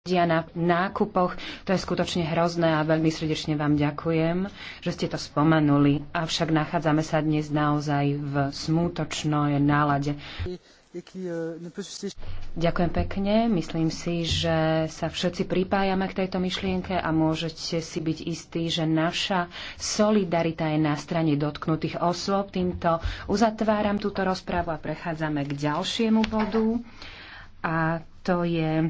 ľudia na nákupoch. To je skutočne hrozné a veľmi srdečne vám ďakujem, že ste to spomenuli. Avšak nachádzame sa dnes naozaj v smútočnej nálade. Ďakujem pekne. Myslím si, že sa všetci pripájame k tejto myšlienke a môžete si byť istí, že naša solidarita je na strane dotknutých osôb. Týmto uzatváram túto rozprávu a prechádzame k ďalšiemu bodu. A to je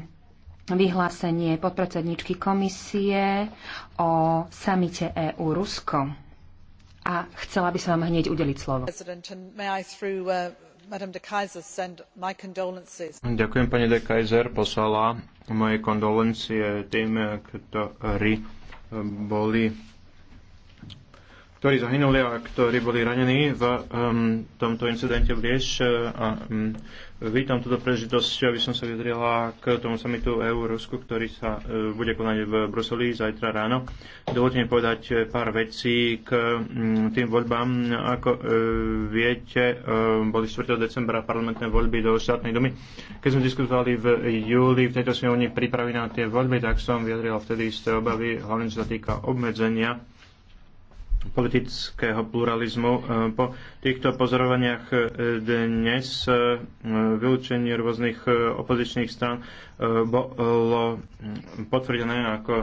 vyhlásenie podpredsedničky komisie o samite EU-Rusko. A chcela by som vám hneď udeliť slovo. Uh, Ďakujem, pani de Kaiser. Poslala moje kondolencie tým, ktorí boli ktorí zahynuli a ktorí boli ranení v um, tomto incidente v Lieš. A, um, vítam túto prežitosť, aby som sa vyjadrila k tomu samitu EU-Rusku, ktorý sa uh, bude konať v Bruseli zajtra ráno. Dovolte mi povedať pár vecí k um, tým voľbám. Ako uh, viete, uh, boli 4. decembra parlamentné voľby do štátnej domy. Keď sme diskutovali v júli v tejto snemovni prípravy na tie voľby, tak som vyjadril vtedy isté obavy, hlavne čo sa týka obmedzenia politického pluralizmu. E, po týchto pozorovaniach e, dnes e, vylúčenie rôznych opozičných strán bolo potvrdené ako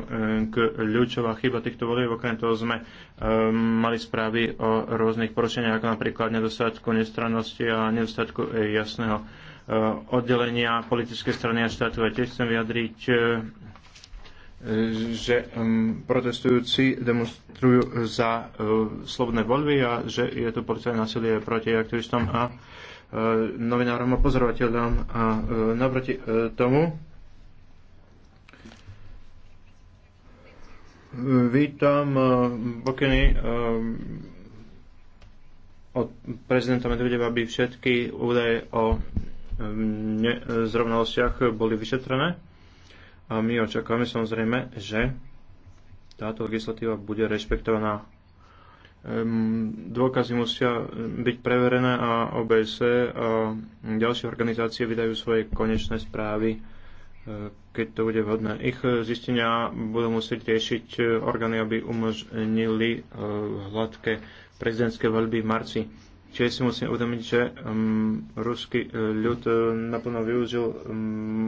kľúčová chyba týchto volieb. Okrem toho sme mali správy o rôznych porušeniach, ako napríklad nedostatku nestrannosti a nedostatku jasného oddelenia politické strany a štátu. A tiež chcem vyjadriť že protestujúci demonstrujú za e, slobodné voľby a že je to policajné násilie proti aktivistom a e, novinárom a pozorovateľom. A e, naproti tomu vítam pokyny od prezidenta Medvedeva, aby všetky údaje o nezrovnalostiach boli vyšetrené a my očakávame samozrejme, že táto legislatíva bude rešpektovaná. Ehm, dôkazy musia byť preverené a OBS a ďalšie organizácie vydajú svoje konečné správy, e, keď to bude vhodné. Ich zistenia budú musieť riešiť e, orgány, aby umožnili e, hladké prezidentské voľby v marci. Čiže si musíme uvedomiť, že um, ruský e, ľud uh, naplno využil um,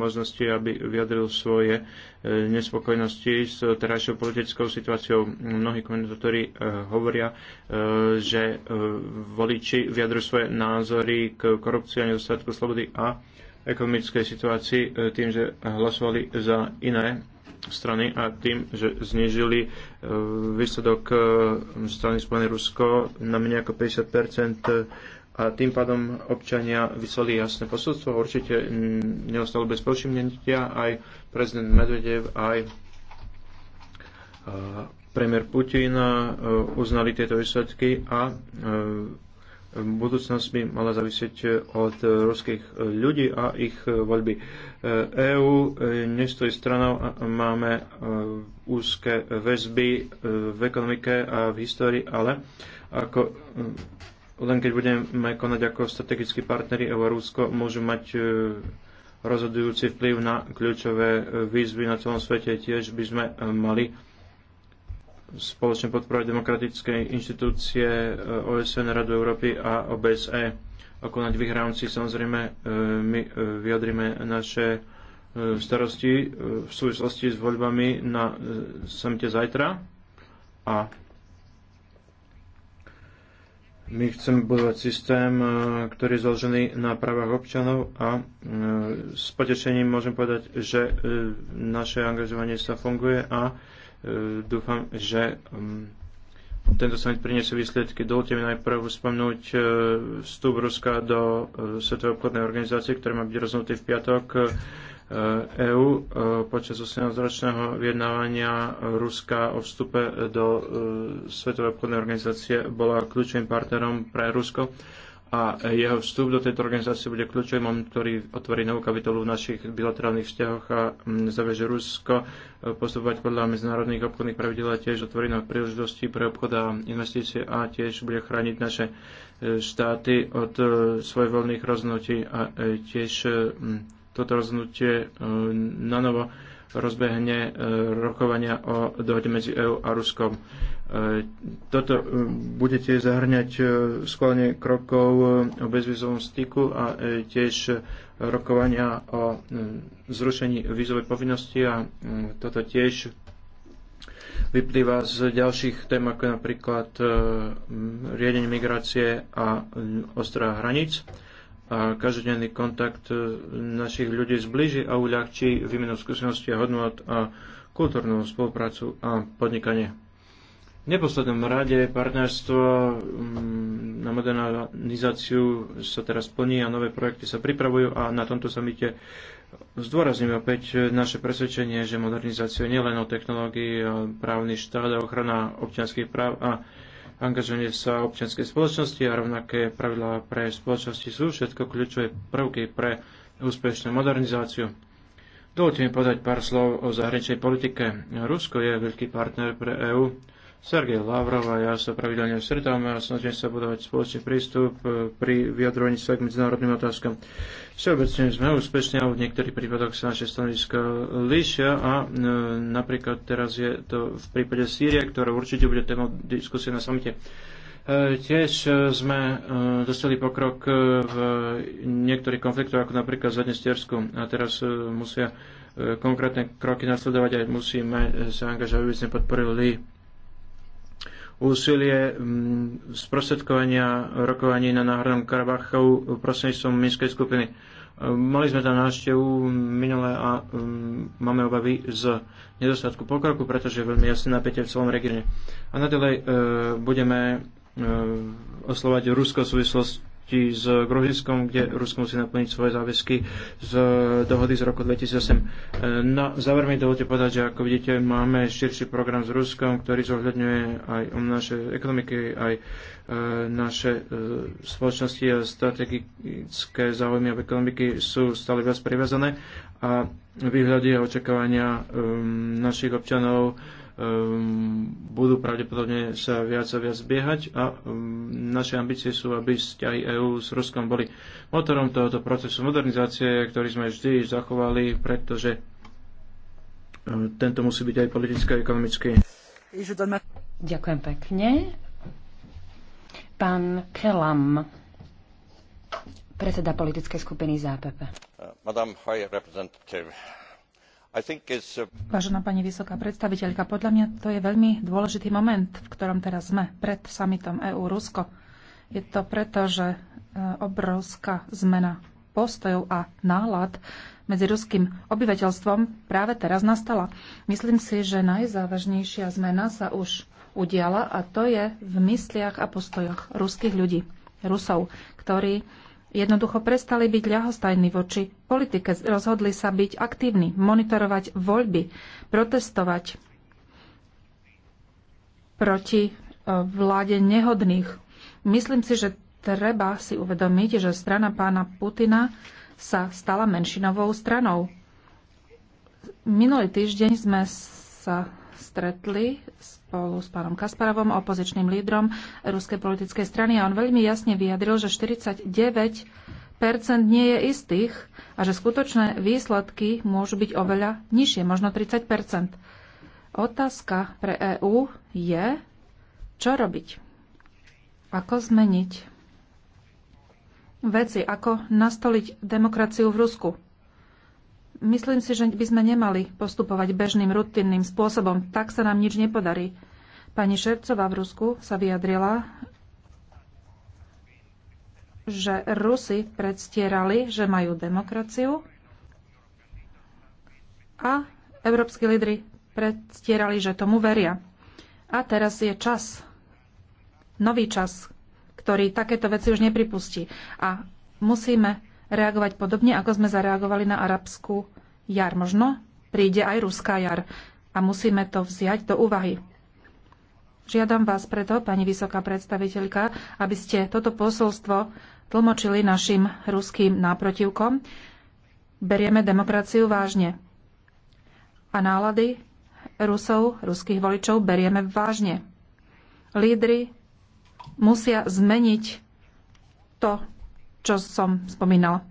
možnosti, aby vyjadril svoje uh, nespokojnosti s uh, terajšou politickou situáciou. Mnohí komentátori uh, hovoria, uh, že uh, voliči vyjadrujú svoje názory k korupcii a nedostatku slobody a ekonomickej situácii uh, tým, že hlasovali za iné strany a tým, že znižili e, výsledok e, strany Spojené Rusko na menej ako 50 e, a tým pádom občania vyslali jasné posolstvo. Určite neostalo bez povšimnutia aj prezident Medvedev, aj premiér Putin uznali tieto výsledky a budúcnosť by mala závisieť eh, od eh, ruských eh, ľudí a ich voľby. EÚ e nestojí stranou, máme úzke väzby v ekonomike a v histórii, ale ako hm, len keď budeme konať ako strategickí partneri EU-Rusko, môžu mať rozhodujúci vplyv na kľúčové výzvy na celom svete. Tiež by sme mali spoločne podporovať demokratické inštitúcie e, OSN, Radu Európy a OBSE. Ako na v rámci samozrejme e, my e, vyjadrime naše starosti v súvislosti s voľbami na samite zajtra a my chceme budovať systém, ktorý je založený na právach občanov a s potešením môžem povedať, že naše angažovanie sa funguje a E, dúfam, že um, tento summit priniesie výsledky. Dovolte mi najprv spomenúť e, vstup Ruska do e, Svetovej obchodnej organizácie, ktorá má byť rozhodnutý v piatok. EU počas 18-ročného vyjednávania Ruska o vstupe do Svetovej obchodnej organizácie bola kľúčovým partnerom pre Rusko a jeho vstup do tejto organizácie bude kľúčovým, ktorý otvorí novú kapitolu v našich bilaterálnych vzťahoch a zaveže Rusko postupovať podľa medzinárodných obchodných pravidel a tiež otvorí nové príležitosti pre obchod a investície a tiež bude chrániť naše e, štáty od e, voľných rozhodnutí a e, tiež toto rozhodnutie na novo rozbehne rokovania o dohode medzi EÚ a Ruskom. E, toto e, budete zahrňať e, schválne krokov o bezvizovom styku a tiež rokovania o zrušení vízovej povinnosti a toto tiež vyplýva z ďalších tém, ako napríklad riadenie migrácie a ostrá hraníc a každodenný kontakt našich ľudí zbliží a uľahčí výmenu skúseností a hodnot a kultúrnu spoluprácu a podnikanie neposlednom rade partnerstvo mm, na modernizáciu sa teraz plní a nové projekty sa pripravujú a na tomto samite zdôrazním opäť naše presvedčenie, že modernizácia nie len o technológii, právny štát a ochrana občianských práv a angažovanie sa občianskej spoločnosti a rovnaké pravidlá pre spoločnosti sú všetko kľúčové prvky pre úspešnú modernizáciu. Dovolte mi povedať pár slov o zahraničnej politike. Rusko je veľký partner pre EÚ Sergej Lavrov a ja sa pravidelne stretáme a snažím sa budovať spoločný prístup e, pri vyjadrovaní sa k medzinárodným otázkam. Všeobecne sme úspešní a v niektorých prípadoch sa naše stanoviska líšia a e, napríklad teraz je to v prípade Sýrie, ktorá určite bude téma diskusie na samite. E, tiež sme dostali pokrok v niektorých konfliktoch, ako napríklad v Zadnestiersku a teraz musia konkrétne kroky nasledovať a musíme sa angažovať, aby sme podporili úsilie mm, sprostredkovania rokovaní na Náhradnom Karabachu prostredníctvom Minskej skupiny. Ehm, mali sme tam návštevu minulé a ehm, máme obavy z nedostatku pokroku, pretože je veľmi jasné napätie v celom regióne. A nadalej ehm, budeme oslovať Rusko v súvislosti či s Gruzinskom, kde Rusko musí naplniť svoje záväzky z dohody z roku 2008. Na záver mi dovolte povedať, že ako vidíte, máme širší program s Ruskom, ktorý zohľadňuje aj naše ekonomiky, aj e, naše e, spoločnosti a strategické záujmy a ekonomiky sú stále viac priviazané a výhľady a očakávania e, našich občanov Ehm, budú pravdepodobne sa viac a viac zbiehať a ehm, naše ambície sú, aby vzťahy EÚ s Ruskom boli motorom tohoto procesu modernizácie, ktorý sme vždy zachovali, pretože ehm, tento musí byť aj politicky a ekonomicky. Ďakujem pekne. Pán Kelam, predseda politickej skupiny ZAPP. E Madame High Representative, Vážená pani vysoká predstaviteľka, podľa mňa to je veľmi dôležitý moment, v ktorom teraz sme, pred samitom EU-Rusko. Je to preto, že e, obrovská zmena postojov a nálad medzi ruským obyvateľstvom práve teraz nastala. Myslím si, že najzávažnejšia zmena sa už udiala a to je v mysliach a postojoch ruských ľudí, Rusov, ktorí jednoducho prestali byť ľahostajní voči politike. Rozhodli sa byť aktívni, monitorovať voľby, protestovať proti e, vláde nehodných. Myslím si, že treba si uvedomiť, že strana pána Putina sa stala menšinovou stranou. Minulý týždeň sme sa stretli s spolu s pánom Kasparovom, opozičným lídrom ruskej politickej strany a on veľmi jasne vyjadril, že 49 nie je istých a že skutočné výsledky môžu byť oveľa nižšie, možno 30 Otázka pre EÚ je, čo robiť? Ako zmeniť veci? Ako nastoliť demokraciu v Rusku? Myslím si, že by sme nemali postupovať bežným, rutinným spôsobom. Tak sa nám nič nepodarí. Pani Šercová v Rusku sa vyjadrila, že Rusy predstierali, že majú demokraciu a európsky lídry predstierali, že tomu veria. A teraz je čas, nový čas, ktorý takéto veci už nepripustí. A musíme reagovať podobne, ako sme zareagovali na arabskú jar. Možno príde aj ruská jar a musíme to vziať do úvahy. Žiadam vás preto, pani vysoká predstaviteľka, aby ste toto posolstvo tlmočili našim ruským náprotivkom. Berieme demokraciu vážne. A nálady Rusov, ruských voličov berieme vážne. Lídry musia zmeniť to, čo som spomínala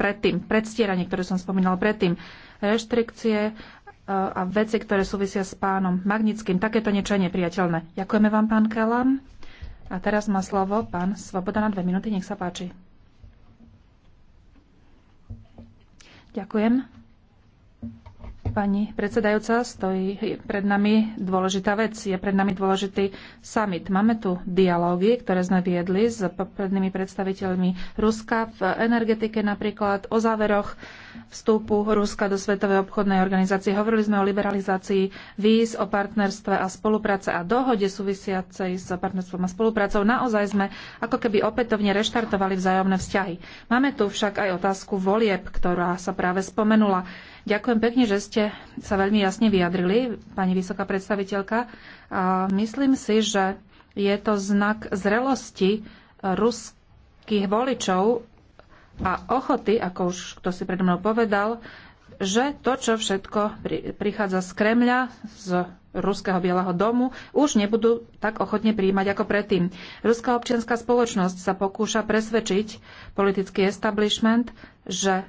predtým, predstieranie, ktoré som spomínala predtým, reštrikcie e, a veci, ktoré súvisia s pánom Magnickým. Takéto niečo je nepriateľné. Ďakujeme vám, pán Kelam. A teraz má slovo pán Svoboda na dve minúty. Nech sa páči. Ďakujem pani predsedajúca, stojí pred nami dôležitá vec. Je pred nami dôležitý summit. Máme tu dialógy, ktoré sme viedli s prednými predstaviteľmi Ruska v energetike napríklad, o záveroch vstupu Ruska do Svetovej obchodnej organizácie. Hovorili sme o liberalizácii víz, o partnerstve a spolupráce a dohode súvisiacej s partnerstvom a spoluprácou. Naozaj sme ako keby opätovne reštartovali vzájomné vzťahy. Máme tu však aj otázku volieb, ktorá sa práve spomenula. Ďakujem pekne, že ste sa veľmi jasne vyjadrili, pani vysoká predstaviteľka. A myslím si, že je to znak zrelosti ruských voličov a ochoty, ako už kto si pred mnou povedal, že to, čo všetko prichádza z Kremľa, z Ruského Bieleho domu, už nebudú tak ochotne príjmať ako predtým. Ruská občianská spoločnosť sa pokúša presvedčiť politický establishment, že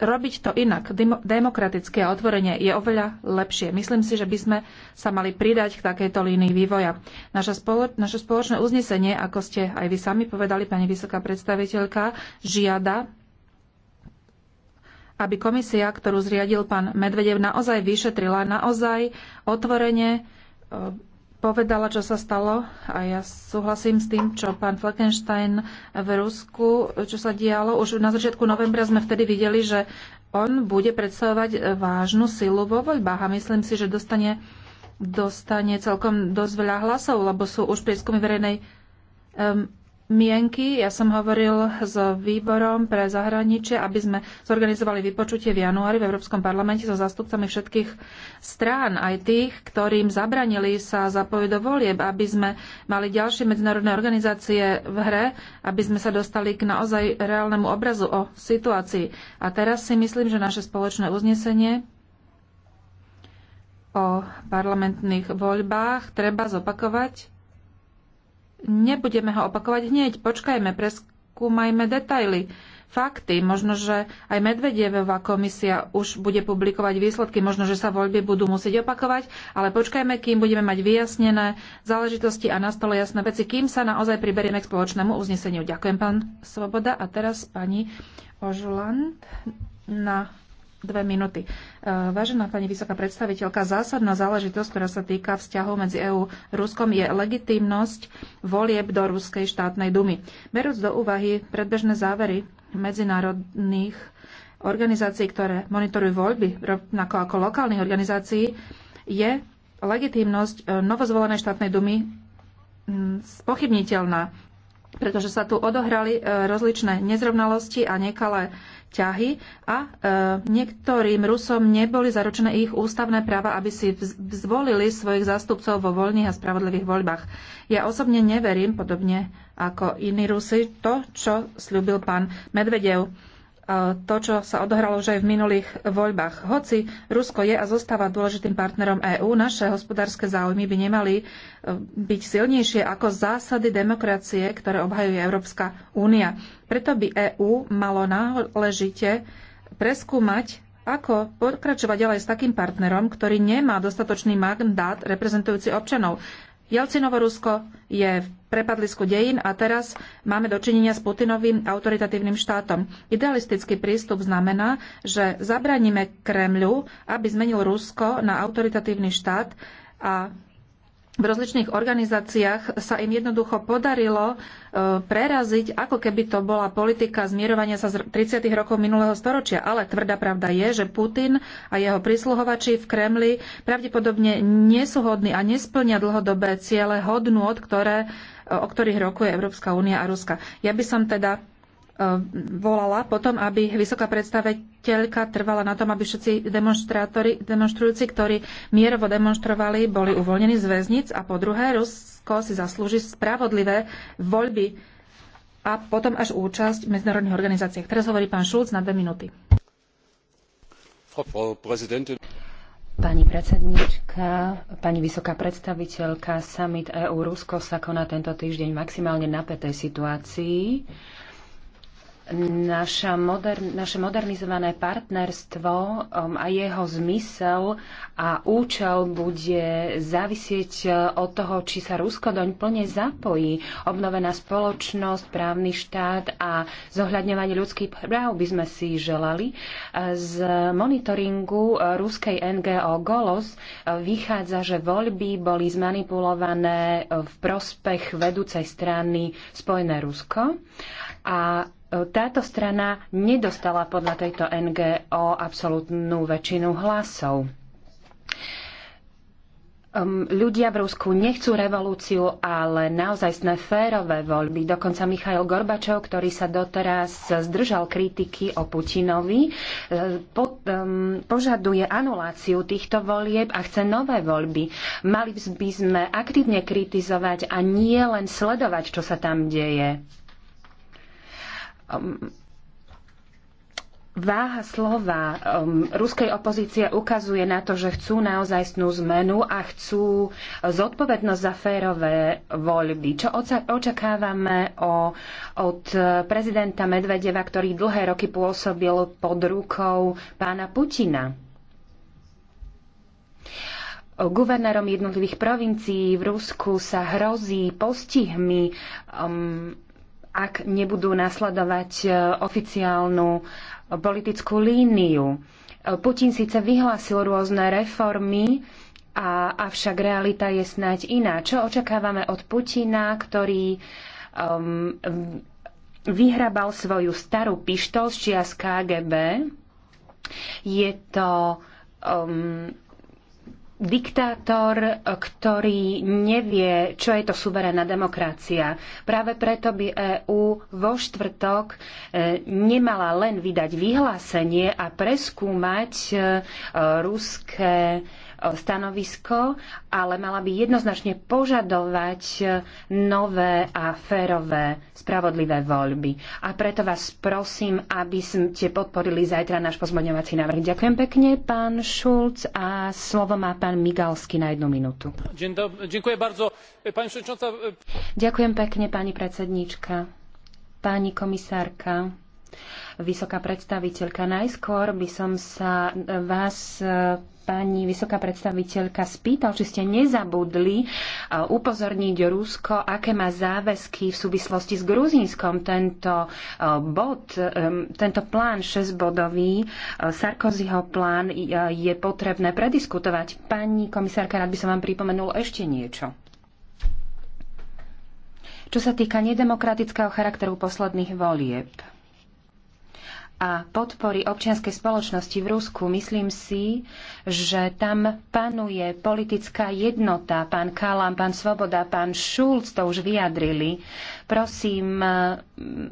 robiť to inak, demokratické a otvorenie je oveľa lepšie. Myslím si, že by sme sa mali pridať k takejto línii vývoja. Naša spolo- naše spoločné uznesenie, ako ste aj vy sami povedali, pani vysoká predstaviteľka, žiada aby komisia, ktorú zriadil pán Medvedev, naozaj vyšetrila, naozaj otvorene e, povedala, čo sa stalo a ja súhlasím s tým, čo pán Fleckenstein v Rusku, čo sa dialo. Už na začiatku novembra sme vtedy videli, že on bude predstavovať vážnu silu vo voľbách a myslím si, že dostane, dostane celkom dosť veľa hlasov, lebo sú už prieskumy verejnej um, mienky. Ja som hovoril s výborom pre zahraničie, aby sme zorganizovali vypočutie v januári v Európskom parlamente so zástupcami všetkých strán, aj tých, ktorým zabranili sa zapojiť do volieb, aby sme mali ďalšie medzinárodné organizácie v hre, aby sme sa dostali k naozaj reálnemu obrazu o situácii. A teraz si myslím, že naše spoločné uznesenie o parlamentných voľbách treba zopakovať Nebudeme ho opakovať hneď, počkajme, preskúmajme detaily fakty. Možno, že aj Medvedevová komisia už bude publikovať výsledky, možno, že sa voľby budú musieť opakovať, ale počkajme, kým budeme mať vyjasnené záležitosti a na stole jasné veci, kým sa naozaj priberieme k spoločnému uzneseniu. Ďakujem, pán Svoboda. A teraz pani Ožuland na dve minúty. E, vážená pani vysoká predstaviteľka, zásadná záležitosť, ktorá sa týka vzťahov medzi EÚ a Ruskom, je legitímnosť volieb do Ruskej štátnej dumy. Berúc do úvahy predbežné závery medzinárodných organizácií, ktoré monitorujú voľby, rovnako ako lokálnych organizácií, je legitímnosť e, novozvolenej štátnej dumy spochybniteľná, pretože sa tu odohrali e, rozličné nezrovnalosti a nekalé ťahy a e, niektorým Rusom neboli zaručené ich ústavné práva, aby si zvolili svojich zástupcov vo voľných a spravodlivých voľbách. Ja osobne neverím, podobne ako iní Rusy, to, čo slúbil pán Medvedev to, čo sa odohralo už aj v minulých voľbách. Hoci Rusko je a zostáva dôležitým partnerom EÚ, naše hospodárske záujmy by nemali e, byť silnejšie ako zásady demokracie, ktoré obhajuje Európska únia. Preto by EÚ malo náležite preskúmať, ako pokračovať ďalej s takým partnerom, ktorý nemá dostatočný mandát reprezentujúci občanov. Jelcinovo Rusko je v prepadlisku dejín a teraz máme dočinenia s Putinovým autoritatívnym štátom. Idealistický prístup znamená, že zabraníme Kremľu, aby zmenil Rusko na autoritatívny štát a v rozličných organizáciách sa im jednoducho podarilo e, preraziť, ako keby to bola politika zmierovania sa z 30. rokov minulého storočia. Ale tvrdá pravda je, že Putin a jeho prísluhovači v Kremli pravdepodobne nie sú hodní a nesplnia dlhodobé ciele hodnôt, ktoré, e, o ktorých rokuje Európska únia a Ruska. Ja by som teda Eh, volala potom, aby vysoká predstaviteľka trvala na tom, aby všetci demonstrujúci, ktorí mierovo demonstrovali, boli uvoľnení z väznic a po druhé, Rusko si zaslúži spravodlivé voľby a potom až účasť v medzinárodných organizáciách. Teraz hovorí pán Šulc na dve minúty. Pani predsednička, pani vysoká predstaviteľka, summit EU-Rusko sa koná tento týždeň v maximálne napätej situácii naša modern, naše modernizované partnerstvo um, a jeho zmysel a účel bude závisieť e, od toho, či sa Rusko doň plne zapojí. Obnovená spoločnosť, právny štát a zohľadňovanie ľudských práv by sme si želali. E, z monitoringu e, ruskej NGO Golos vychádza, že voľby boli zmanipulované v prospech vedúcej strany Spojené Rusko a táto strana nedostala podľa tejto NGO absolútnu väčšinu hlasov. Um, ľudia v Rusku nechcú revolúciu, ale naozaj sme férové voľby. Dokonca Michail Gorbačov, ktorý sa doteraz zdržal kritiky o Putinovi, e, po, um, požaduje anuláciu týchto volieb a chce nové voľby. Mali by sme aktívne kritizovať a nie len sledovať, čo sa tam deje. Um, váha slova um, ruskej opozície ukazuje na to, že chcú naozajstnú zmenu a chcú zodpovednosť za férové voľby. Čo očakávame o, od prezidenta Medvedeva, ktorý dlhé roky pôsobil pod rukou pána Putina? Guvernérom jednotlivých provincií v Rusku sa hrozí postihmi. Um, ak nebudú nasledovať e, oficiálnu politickú líniu. E, Putin síce vyhlásil rôzne reformy, a, avšak realita je snáď iná. Čo očakávame od Putina, ktorý um, vyhrabal svoju starú pištol z čias KGB? Je to um, diktátor, ktorý nevie, čo je to suverénna demokracia. Práve preto by EÚ vo štvrtok e, nemala len vydať vyhlásenie a preskúmať e, ruské stanovisko, ale mala by jednoznačne požadovať nové a férové, spravodlivé voľby. A preto vás prosím, aby ste podporili zajtra náš pozmoňovací návrh. Ďakujem pekne, pán Šulc, a slovo má pán Migalsky na jednu minútu. E, Ďakujem pekne, pani predsednička, pani komisárka. Vysoká predstaviteľka, najskôr by som sa vás e, pani vysoká predstaviteľka spýtal, či ste nezabudli eh, upozorniť Rusko, aké má záväzky v súvislosti s Gruzínskom. Tento eh, bod, tento plán šesťbodový, eh, Sarkozyho plán je potrebné prediskutovať. Pani komisárka, rád by som vám pripomenul ešte niečo. Čo sa týka nedemokratického charakteru posledných volieb, a podpory občianskej spoločnosti v Rusku, myslím si, že tam panuje politická jednota. Pán Kalam, pán Svoboda, pán Šulc to už vyjadrili. Prosím, mm,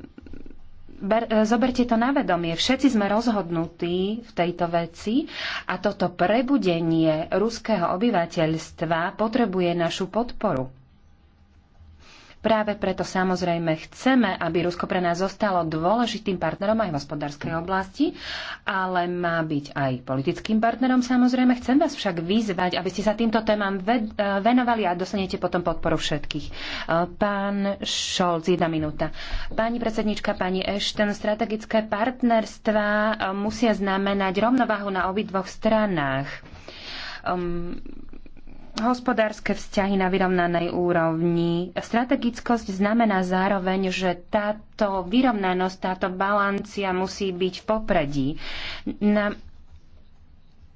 ber, zoberte to na vedomie. Všetci sme rozhodnutí v tejto veci a toto prebudenie ruského obyvateľstva potrebuje našu podporu. Práve preto samozrejme chceme, aby Rusko pre nás zostalo dôležitým partnerom aj v hospodárskej oblasti, ale má byť aj politickým partnerom samozrejme. Chcem vás však vyzvať, aby ste sa týmto témam e, venovali a dostanete potom podporu všetkých. E, pán Šolc, jedna minúta. Pani predsednička, pani Ešten, strategické partnerstva e, musia znamenať rovnováhu na obidvoch stranách um, hospodárske vzťahy na vyrovnanej úrovni. Strategickosť znamená zároveň, že táto vyrovnanosť, táto balancia musí byť v popredí. Na,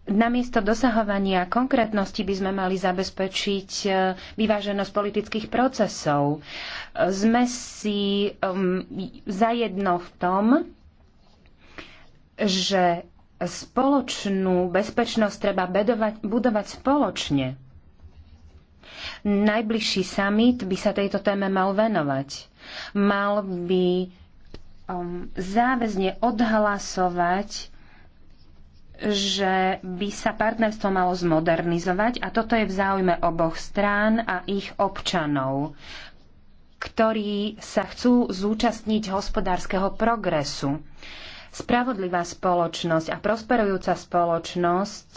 Namiesto dosahovania konkrétnosti by sme mali zabezpečiť e, vyváženosť politických procesov. Sme si um, zajedno v tom, že spoločnú bezpečnosť treba bedovať, budovať spoločne. Najbližší summit by sa tejto téme mal venovať. Mal by um, záväzne odhlasovať že by sa partnerstvo malo zmodernizovať a toto je v záujme oboch strán a ich občanov, ktorí sa chcú zúčastniť hospodárskeho progresu. Spravodlivá spoločnosť a prosperujúca spoločnosť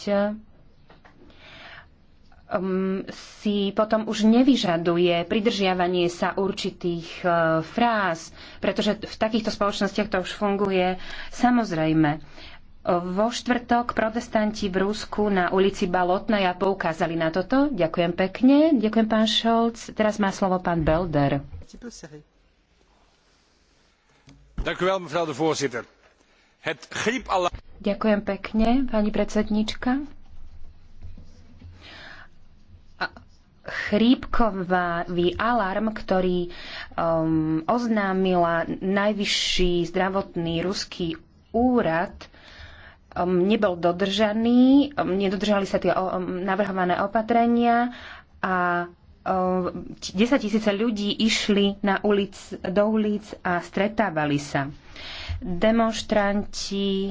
um, si potom už nevyžaduje pridržiavanie sa určitých uh, fráz, pretože v takýchto spoločnostiach to už funguje samozrejme. Vo štvrtok protestanti v Rusku na ulici Balotnaja poukázali na toto. Ďakujem pekne. Ďakujem, pán Šolc. Teraz má slovo pán Belder. Ďakujem pekne, pani predsednička. chrípkový alarm, ktorý um, oznámila najvyšší zdravotný ruský úrad, um, nebol dodržaný, um, nedodržali sa tie um, navrhované opatrenia a 10 um, tisíce ľudí išli na ulic, do ulic a stretávali sa. Demonstranti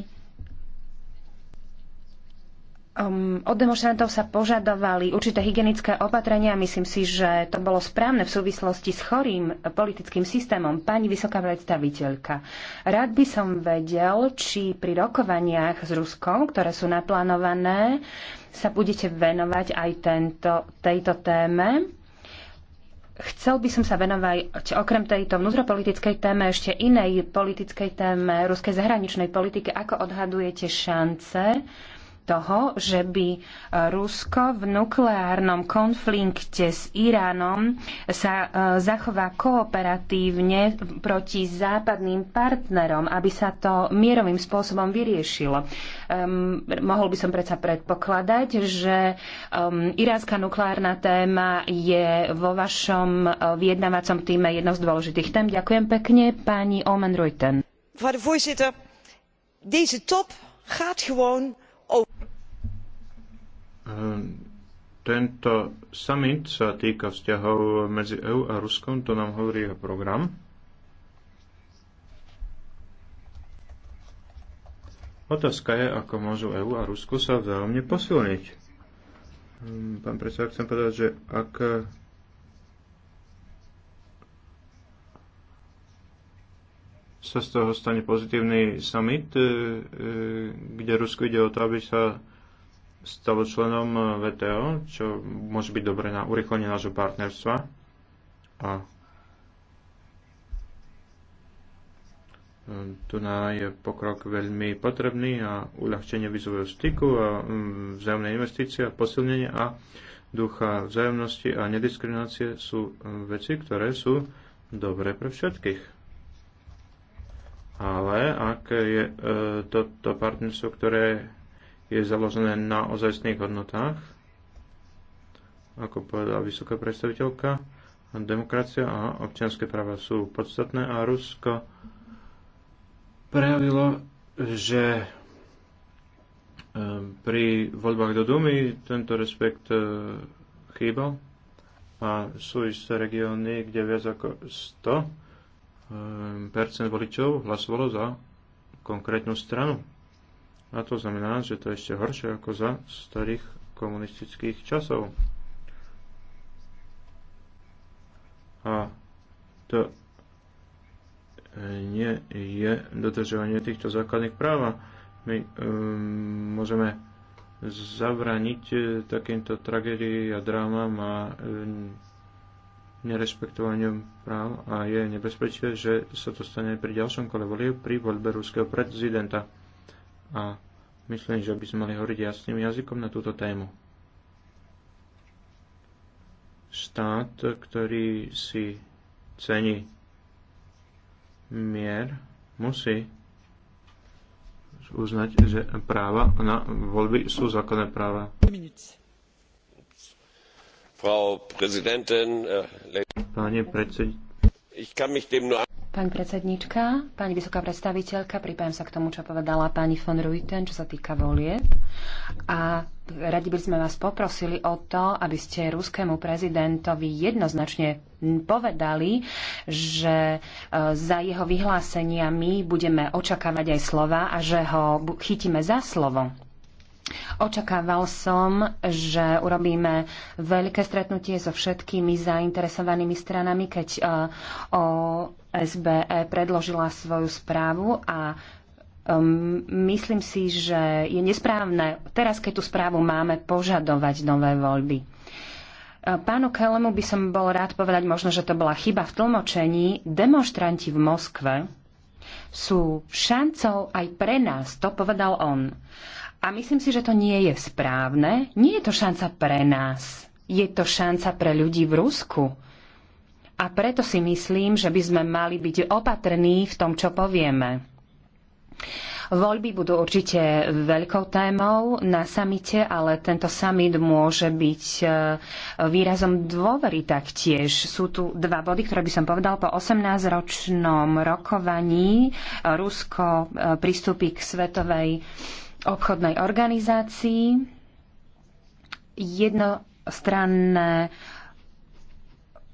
Um, od demonstrantov sa požadovali určité hygienické opatrenia. Myslím si, že to bolo správne v súvislosti s chorým politickým systémom. Pani vysoká predstaviteľka, rád by som vedel, či pri rokovaniach s Ruskom, ktoré sú naplánované, sa budete venovať aj tento, tejto téme. Chcel by som sa venovať okrem tejto vnútropolitickej téme ešte inej politickej téme ruskej zahraničnej politiky. Ako odhadujete šance, toho, že by e, Rusko v nukleárnom konflikte s Iránom sa e, zachová kooperatívne proti západným partnerom, aby sa to mierovým spôsobom vyriešilo. Um, mohol by som predsa predpokladať, že um, iránska nukleárna téma je vo vašom e, vyjednávacom týme jednou z dôležitých tém. Ďakujem pekne, pani Omen Reuten. deze top gaat gewoon Ehm, tento summit sa týka vzťahov medzi EU a Ruskom, to nám hovorí jeho program. Otázka je, ako môžu EU a Rusko sa vzájomne posilniť. Ehm, pán predseda, chcem povedať, že ak sa z toho stane pozitívny summit, e, e, kde Rusko ide o to, aby sa stalo členom VTO, čo môže byť dobre na urychlenie nášho partnerstva. A tu na je pokrok veľmi potrebný a uľahčenie vizového styku a mm, vzájomné investície a posilnenie a ducha vzájomnosti a nediskriminácie sú mm, veci, ktoré sú dobré pre všetkých. Ale ak je e, toto partnerstvo, ktoré je založené na ozajstných hodnotách, ako povedala vysoká predstaviteľka, demokracia a občianské práva sú podstatné a Rusko prejavilo, že e, pri voľbách do Dumy tento respekt e, chýbal a sú isté regióny, kde viac ako 100 percent voličov hlasovalo za konkrétnu stranu. A to znamená, že to je ešte horšie ako za starých komunistických časov. A to nie je dodržovanie týchto základných práv. My um, môžeme zabraniť eh, takýmto tragédiám a drámam a um, nerespektovaním práv a je nebezpečie, že sa to stane pri ďalšom kole volieb pri voľbe ruského prezidenta. A myslím, že by sme mali hovoriť jasným jazykom na túto tému. Štát, ktorý si cení mier, musí uznať, že práva na voľby sú zákonné práva. Pani äh, predsed... Pani predsednička, pani vysoká predstaviteľka, pripájam sa k tomu, čo povedala pani von Ruiten, čo sa týka volieb. A radi by sme vás poprosili o to, aby ste ruskému prezidentovi jednoznačne povedali, že e, za jeho vyhláseniami budeme očakávať aj slova a že ho chytíme za slovo. Očakával som, že urobíme veľké stretnutie so všetkými zainteresovanými stranami, keď e, o SBE predložila svoju správu a Um, myslím si, že je nesprávne teraz, keď tú správu máme, požadovať nové voľby. E, pánu Kelemu by som bol rád povedať, možno, že to bola chyba v tlmočení. Demonstranti v Moskve sú šancou aj pre nás, to povedal on. A myslím si, že to nie je správne. Nie je to šanca pre nás. Je to šanca pre ľudí v Rusku. A preto si myslím, že by sme mali byť opatrní v tom, čo povieme. Voľby budú určite veľkou témou na samite, ale tento samit môže byť e, výrazom dôvery taktiež. Sú tu dva body, ktoré by som povedal. Po 18-ročnom rokovaní e, Rusko e, pristúpi k svetovej obchodnej organizácii, jednostranné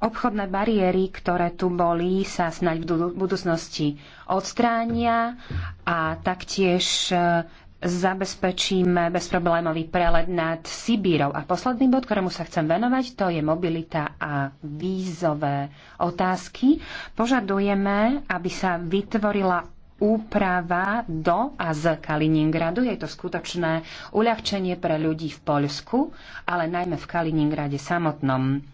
obchodné bariéry, ktoré tu boli, sa snaď v budúcnosti odstránia a taktiež e, zabezpečíme bezproblémový prelet nad Sibírov. A posledný bod, ktorému sa chcem venovať, to je mobilita a vízové otázky. Požadujeme, aby sa vytvorila úprava do a z Kaliningradu. Je to skutočné uľahčenie pre ľudí v Poľsku, ale najmä v Kaliningrade samotnom.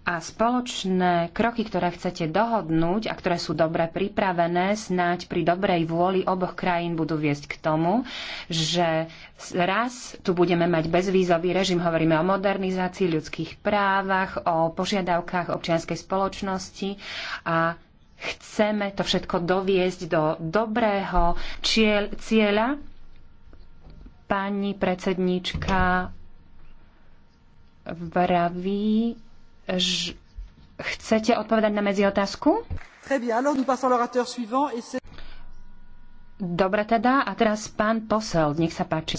A spoločné kroky, ktoré chcete dohodnúť a ktoré sú dobre pripravené, snáď pri dobrej vôli oboch krajín budú viesť k tomu, že raz tu budeme mať bezvízový režim. Hovoríme o modernizácii ľudských právach, o požiadavkách občianskej spoločnosti a Chceme to všetko doviesť do dobrého čiel, cieľa. Pani predsednička vraví, že chcete odpovedať na medziotázku? Dobre teda, a teraz pán posel, nech sa páči.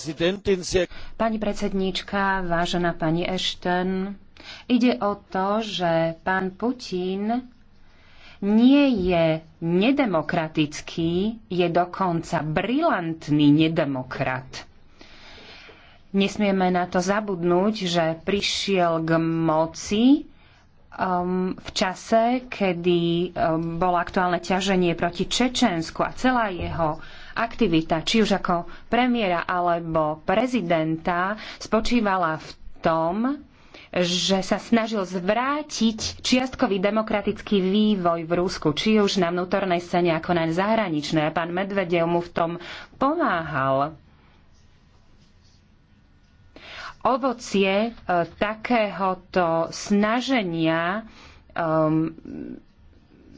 Pani predsedníčka, vážená pani Ešten, ide o to, že pán Putin nie je nedemokratický, je dokonca brilantný nedemokrat. Nesmieme na to zabudnúť, že prišiel k moci um, v čase, kedy um, bolo aktuálne ťaženie proti Čečensku a celá jeho aktivita, či už ako premiéra alebo prezidenta, spočívala v tom, že sa snažil zvrátiť čiastkový demokratický vývoj v Rusku, či už na vnútornej scéne ako na zahraničnej. A pán Medvedev mu v tom pomáhal ovocie e, takéhoto snaženia um,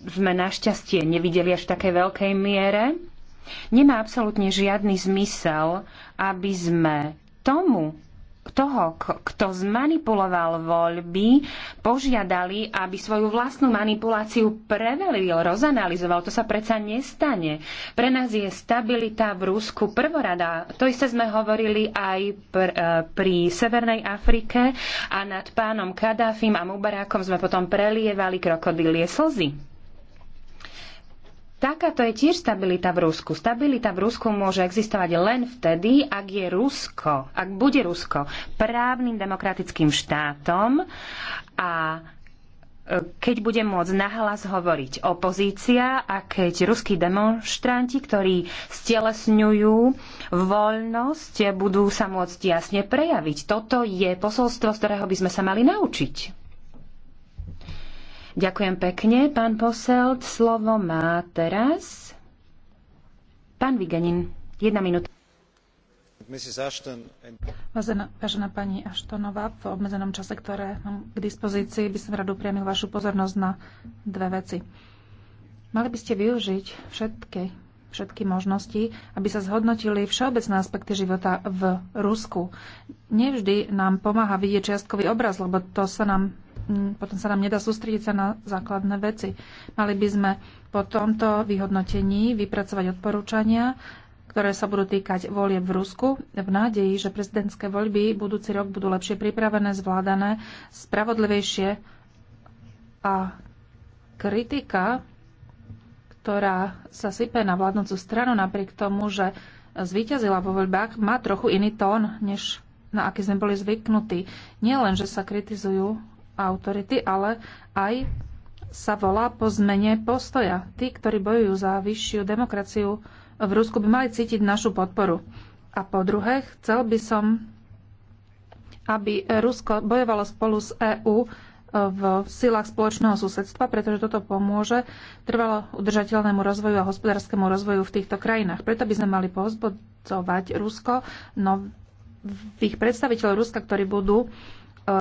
sme našťastie nevideli až v takej veľkej miere. Nemá absolútne žiadny zmysel, aby sme tomu, toho, kto zmanipuloval voľby, požiadali, aby svoju vlastnú manipuláciu prevelil, rozanalizoval. To sa predsa nestane. Pre nás je stabilita v Rusku prvorada. To isté sme hovorili aj pr- e, pri Severnej Afrike a nad pánom Kadáfim a Mubarakom sme potom prelievali krokodilie slzy. Takáto je tiež stabilita v Rusku. Stabilita v Rusku môže existovať len vtedy, ak je Rusko, ak bude Rusko právnym demokratickým štátom a e, keď bude môcť nahlas hovoriť opozícia a keď ruskí demonstranti, ktorí stelesňujú voľnosť, budú sa môcť jasne prejaviť. Toto je posolstvo, z ktorého by sme sa mali naučiť. Ďakujem pekne. Pán posel, slovo má teraz pán Viganin. Jedna minúta. Vážená, vážená pani Aštonová, v obmedzenom čase, ktoré mám k dispozícii, by som radu upriamil vašu pozornosť na dve veci. Mali by ste využiť všetky, všetky možnosti, aby sa zhodnotili všeobecné aspekty života v Rusku. Nevždy nám pomáha vidieť čiastkový obraz, lebo to sa nám potom sa nám nedá sústrediť sa na základné veci. Mali by sme po tomto vyhodnotení vypracovať odporúčania, ktoré sa budú týkať volieb v Rusku, v nádeji, že prezidentské voľby budúci rok budú lepšie pripravené, zvládané, spravodlivejšie a kritika, ktorá sa sype na vládnúcu stranu napriek tomu, že zvíťazila vo voľbách, má trochu iný tón, než na aký sme boli zvyknutí. Nie len, že sa kritizujú autority, ale aj sa volá po zmene postoja. Tí, ktorí bojujú za vyššiu demokraciu v Rusku, by mali cítiť našu podporu. A po druhé, chcel by som, aby Rusko bojovalo spolu s EÚ e, v silách spoločného susedstva, pretože toto pomôže trvalo udržateľnému rozvoju a hospodárskému rozvoju v týchto krajinách. Preto by sme mali pozbudzovať Rusko, nových predstaviteľov Ruska, ktorí budú E,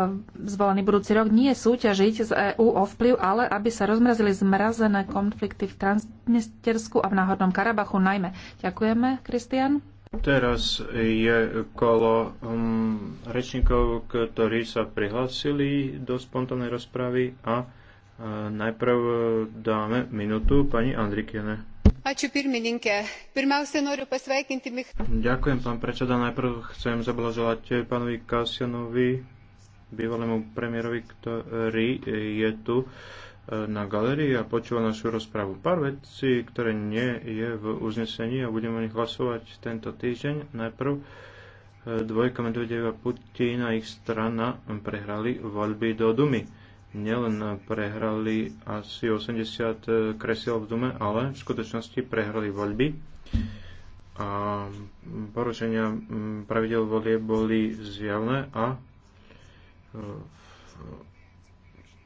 zvolený budúci rok, nie súťažiť z EÚ o vplyv, ale aby sa rozmrazili zmrazené konflikty v Transnestersku a v Náhornom Karabachu najmä. Ďakujeme, Kristian. Teraz je kolo um, rečníkov, ktorí sa prihlásili do spontánnej rozpravy a e, najprv dáme minútu pani Andrikiene. Ďakujem, pán predseda. Najprv chcem zablaželať pánovi Kasianovi bývalému premiérovi, ktorý e, je tu e, na galerii a počúva našu rozpravu. Pár vecí, ktoré nie je v uznesení a budeme o nich hlasovať tento týždeň. Najprv e, dvojka Medvedeva Putin a ich strana prehrali voľby do Dumy. Nielen prehrali asi 80 kresiel v Dume, ale v skutočnosti prehrali voľby. A porušenia pravidel volie boli zjavné a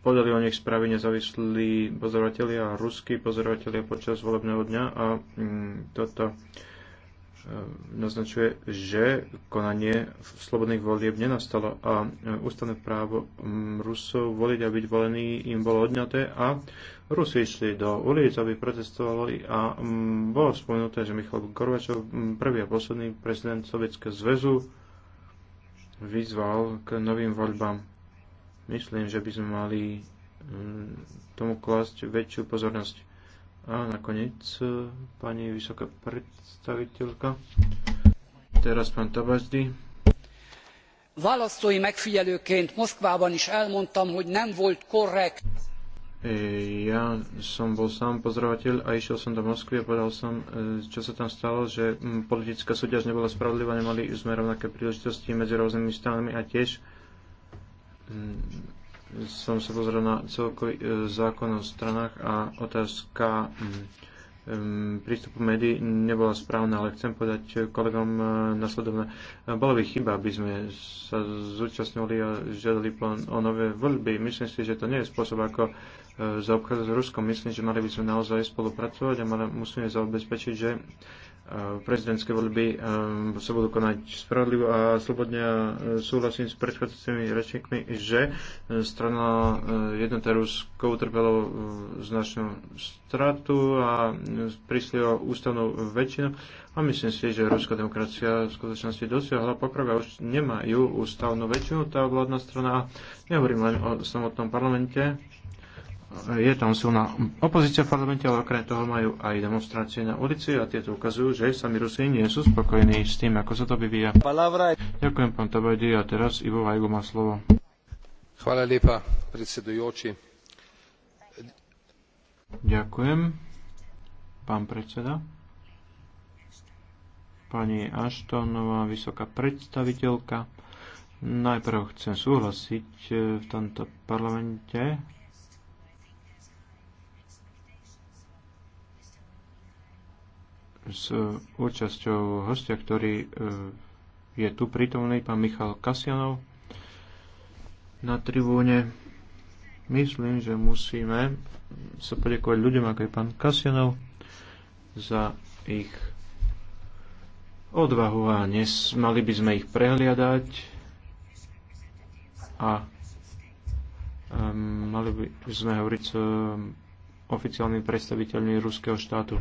podali o nich správy nezávislí pozorovatelia a ruskí pozorovatelia počas volebného dňa a mm, toto e, naznačuje, že konanie v slobodných volieb nenastalo a e, ústavné právo mm, Rusov voliť a byť volený im bolo odňaté a Rusi išli do ulic, aby protestovali a mm, bolo spomenuté, že Michal Gorbačov, prvý a posledný prezident Sovietskeho zväzu, vyzval k novým voľbám. Myslím, že by sme mali mm, tomu klásť väčšiu pozornosť. A nakoniec, pani vysoká predstaviteľka, teraz pán Tabazdy. Választói megfigyelőként Moszkvában is elmondtam, hogy nem volt korrekt ja som bol sám pozorovateľ a išiel som do Moskvy a povedal som, e, čo sa tam stalo, že politická súťaž nebola spravodlivá, nemali sme rovnaké príležitosti medzi rôznymi stranami a tiež som sa pozrel na celkový e, zákon o stranách a otázka prístupu médií nebola správna, ale chcem povedať kolegom e, nasledovné. Bola by chyba, aby sme sa zúčastňovali a žiadali plán o nové voľby. Myslím si, že to nie je spôsob, ako E, zaobchádzať s Ruskom. Myslím, že mali by sme naozaj spolupracovať a mali, musíme zabezpečiť, že e, prezidentské voľby e, sa budú konať spravodlivo a slobodne súhlasím s predchádzajúcimi rečníkmi, že strana jednota Rusko utrpelo značnú stratu a prišli o ústavnú väčšinu a myslím si, že ruská demokracia v skutočnosti dosiahla pokrok a už nemajú ústavnú väčšinu tá vládna strana. Nehovorím len o samotnom parlamente, je tam silná opozícia v parlamente, ale okrem toho majú aj demonstrácie na ulici a tieto ukazujú, že sami Rusi nie sú spokojní s tým, ako sa to vyvíja. Palavra. Ďakujem, pán Tabajdi, a teraz Ivo Vajgu má slovo. Hvala lepa, predsedujúci. Ďakujem, pán predseda. Pani Aštonová, vysoká predstaviteľka. Najprv chcem súhlasiť eh, v tomto parlamente s účasťou hostia, ktorý e, je tu prítomný, pán Michal Kasianov na tribúne. Myslím, že musíme sa poďakovať ľuďom, ako je pán Kasianov, za ich odvahu a nes, mali by sme ich prehliadať a um, mali by sme hovoriť s um, oficiálnymi predstaviteľmi ruského štátu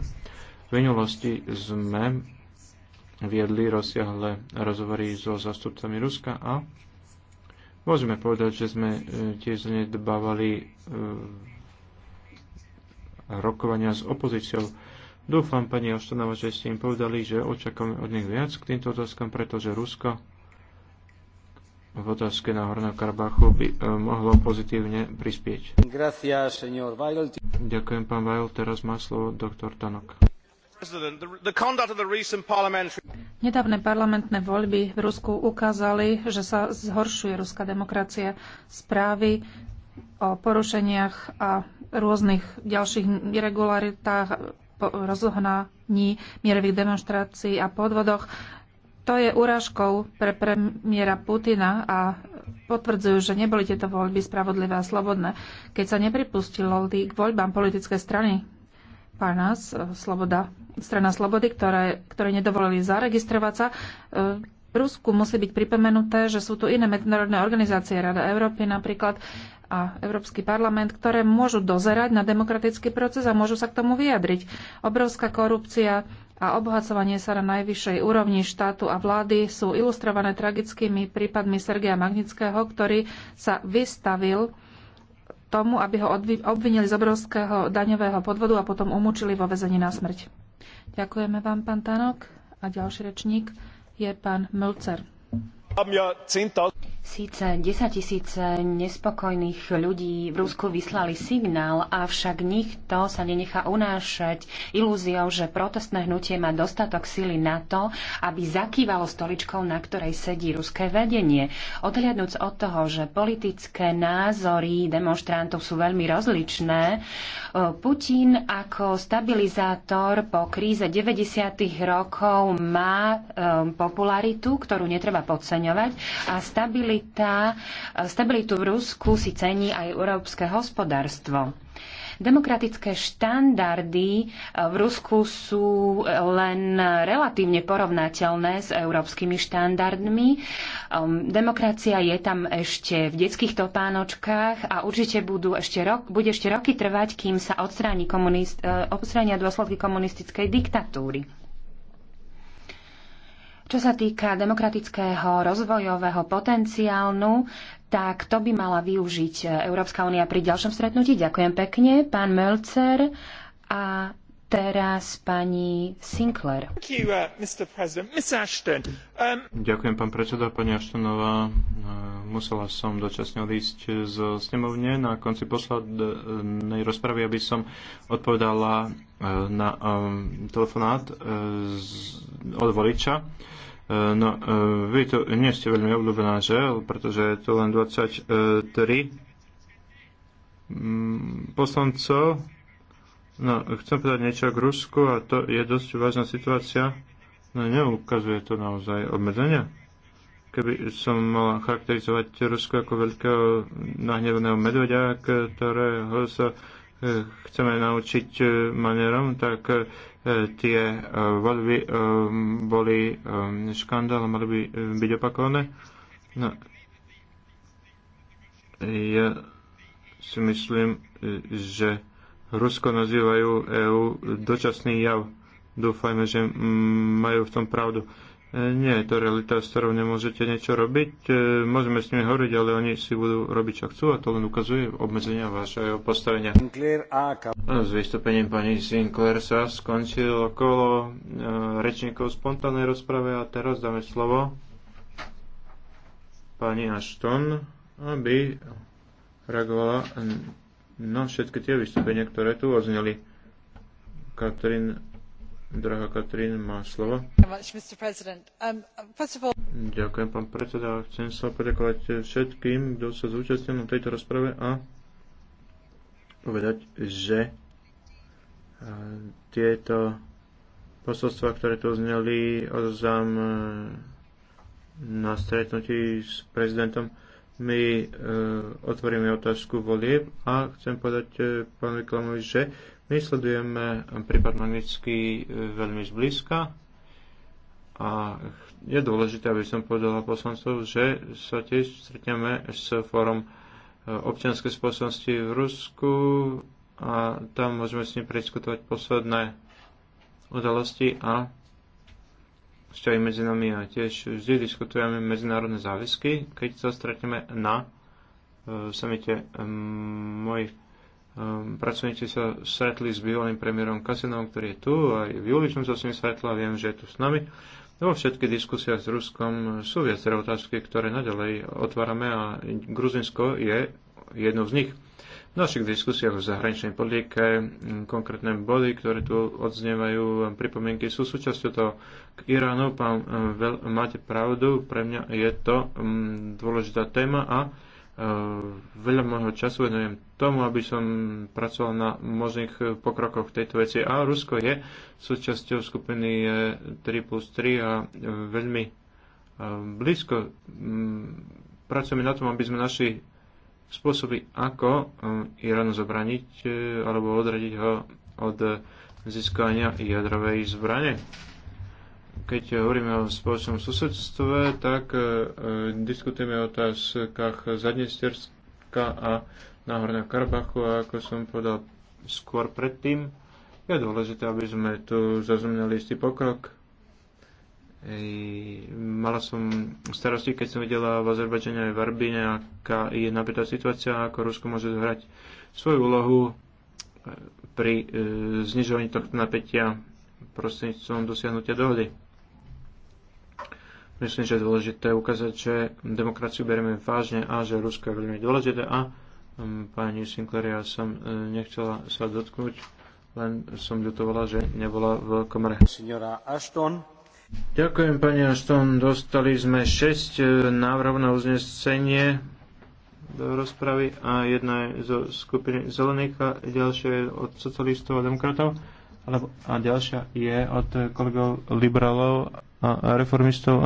minulosti sme viedli rozsiahle rozhovory so zastupcami Ruska a môžeme povedať, že sme e, tiež nedbávali e, rokovania s opozíciou. Dúfam, pani Oštanova, že ste im povedali, že očakávame od nich viac k týmto otázkam, pretože Rusko v otázke na Horného Karabachu by e, mohlo pozitívne prispieť. Gracias, Ďakujem, pán Vajl. Teraz má slovo doktor Tanok. Nedávne parlamentné voľby v Rusku ukázali, že sa zhoršuje ruská demokracia. Správy o porušeniach a rôznych ďalších irregularitách, rozohnaní, mierových demonstrácií a podvodoch. To je úražkou pre premiéra Putina a potvrdzujú, že neboli tieto voľby spravodlivé a slobodné. Keď sa nepripustilo k voľbám politické strany, Parnas, Sloboda, strana Slobody, ktoré, ktoré nedovolili zaregistrovať sa. V e, Rusku musí byť pripomenuté, že sú tu iné medzinárodné organizácie, Rada Európy napríklad a Európsky parlament, ktoré môžu dozerať na demokratický proces a môžu sa k tomu vyjadriť. Obrovská korupcia a obohacovanie sa na najvyššej úrovni štátu a vlády sú ilustrované tragickými prípadmi Sergeja Magnického, ktorý sa vystavil tomu, aby ho obvinili z obrovského daňového podvodu a potom umúčili vo vezení na smrť. Ďakujeme vám, pán Tanok. A ďalší rečník je pán Mlcer. Síce 10 tisíce nespokojných ľudí v Rusku vyslali signál, avšak nikto sa nenechá unášať ilúziou, že protestné hnutie má dostatok sily na to, aby zakývalo stoličkou, na ktorej sedí ruské vedenie. Odhliadnúc od toho, že politické názory demonstrantov sú veľmi rozličné, e, Putin ako stabilizátor po kríze 90. rokov má e, popularitu, ktorú netreba podceňovať a stabilizátor stabilita, stabilitu v Rusku si cení aj európske hospodárstvo. Demokratické štandardy eh, v Rusku sú len relatívne porovnateľné s európskymi štandardmi. Ehm, demokracia je tam ešte v detských topánočkách a určite budú ešte rok, bude ešte roky trvať, kým sa odstráni komunist, eh, odstránia dôsledky komunistickej diktatúry. Čo sa týka demokratického rozvojového potenciálnu, tak to by mala využiť Európska únia pri ďalšom stretnutí. Ďakujem pekne, pán Mölcer a teraz pani Sinclair. Uh, um, Ďakujem, pán predseda, pani Aštonová. Uh, musela som dočasne odísť z snemovne na konci poslednej rozpravy, aby som odpovedala E, na e, telefonát e, od voliča. No, vy to nie ste veľmi obľúbená, že? Pretože je to len 23 mm, poslancov. No, chcem povedať niečo k Rusku a to je dosť vážna situácia. No, neukazuje to naozaj obmedzenia? Keby som mal charakterizovať Rusko ako veľkého nahneveného medvedia, ktorého sa E, chceme naučiť e, manierom, tak e, tie voľby boli škandál mali by byť opakované. No. Ja si myslím, že Rusko nazývajú EU dočasný jav. Dúfajme, že majú v tom pravdu. E, nie je to realita, s ktorou nemôžete niečo robiť. E, môžeme s nimi hovoriť, ale oni si budú robiť, čo chcú a to len ukazuje obmedzenia vašeho postavenia. No, s vystúpením pani Sinclair sa skončil okolo e, rečníkov spontánnej rozprave a teraz dáme slovo pani Ashton, aby reagovala na všetky tie vystúpenia, ktoré tu ozneli. Katrin Um, Ďakujem, pán predseda. Chcem sa poďakovať všetkým, kto sa zúčastnil na tejto rozprave a povedať, že e, tieto posolstva, ktoré tu zneli, odzam e, na stretnutí s prezidentom, my e, otvoríme otázku volieb a chcem povedať e, pánovi Klamovi, že my sledujeme prípad Magnitsky e, veľmi zblízka a je dôležité, aby som povedala poslancov, že sa tiež stretneme s fórom e, občianskej spoločnosti v Rusku a tam môžeme s ním prediskutovať posledné udalosti a vzťahy medzi nami a tiež vždy diskutujeme medzinárodné záväzky, keď sa stretneme na e, samite mojich Ehm, pracovníci sa stretli s bývalým premiérom Kasinom, ktorý je tu, aj v júli som sa s ním stretla, viem, že je tu s nami. Vo všetkých diskusiách s Ruskom sú viaceré otázky, ktoré nadalej otvárame a Gruzinsko je jednou z nich. V našich diskusiách o zahraničnej politike konkrétne body, ktoré tu odznievajú pripomienky, sú súčasťou toho k Iránu. Pán, veľ, máte pravdu, pre mňa je to dôležitá téma a Eh, veľa môjho času venujem tomu, aby som pracoval na možných eh, pokrokoch v tejto veci. A Rusko je súčasťou skupiny 3 eh, plus 3 a veľmi blízko mm, pracujeme na tom, aby sme našli spôsoby, ako Iránu zabraniť alebo odradiť ho od získania jadrovej zbrane keď hovoríme o spoločnom susedstve, tak e, diskutujeme o otázkach Zadnesterska a Náhorného Karabachu a ako som povedal skôr predtým, je dôležité, aby sme tu zaznamenali istý pokrok. Ej, mala som starosti, keď som videla v Azerbajdžane aj v Arbine, aká je napätá situácia, ako Rusko môže zohrať svoju úlohu e, pri e, znižovaní tohto napätia prostredníctvom dosiahnutia dohody. Myslím, že je dôležité ukázať, že demokraciu berieme vážne a že Rusko je veľmi dôležité a mm, pani Sinclair, ja som e, nechcela sa dotknúť, len som ľutovala, že nebola v komore. Signora Ashton. Ďakujem, pani Ashton. Dostali sme 6 e, návrhov na uznesenie do rozpravy a jedna je zo skupiny zelených a ďalšia je od socialistov a demokratov a ďalšia je od kolegov liberálov a reformistov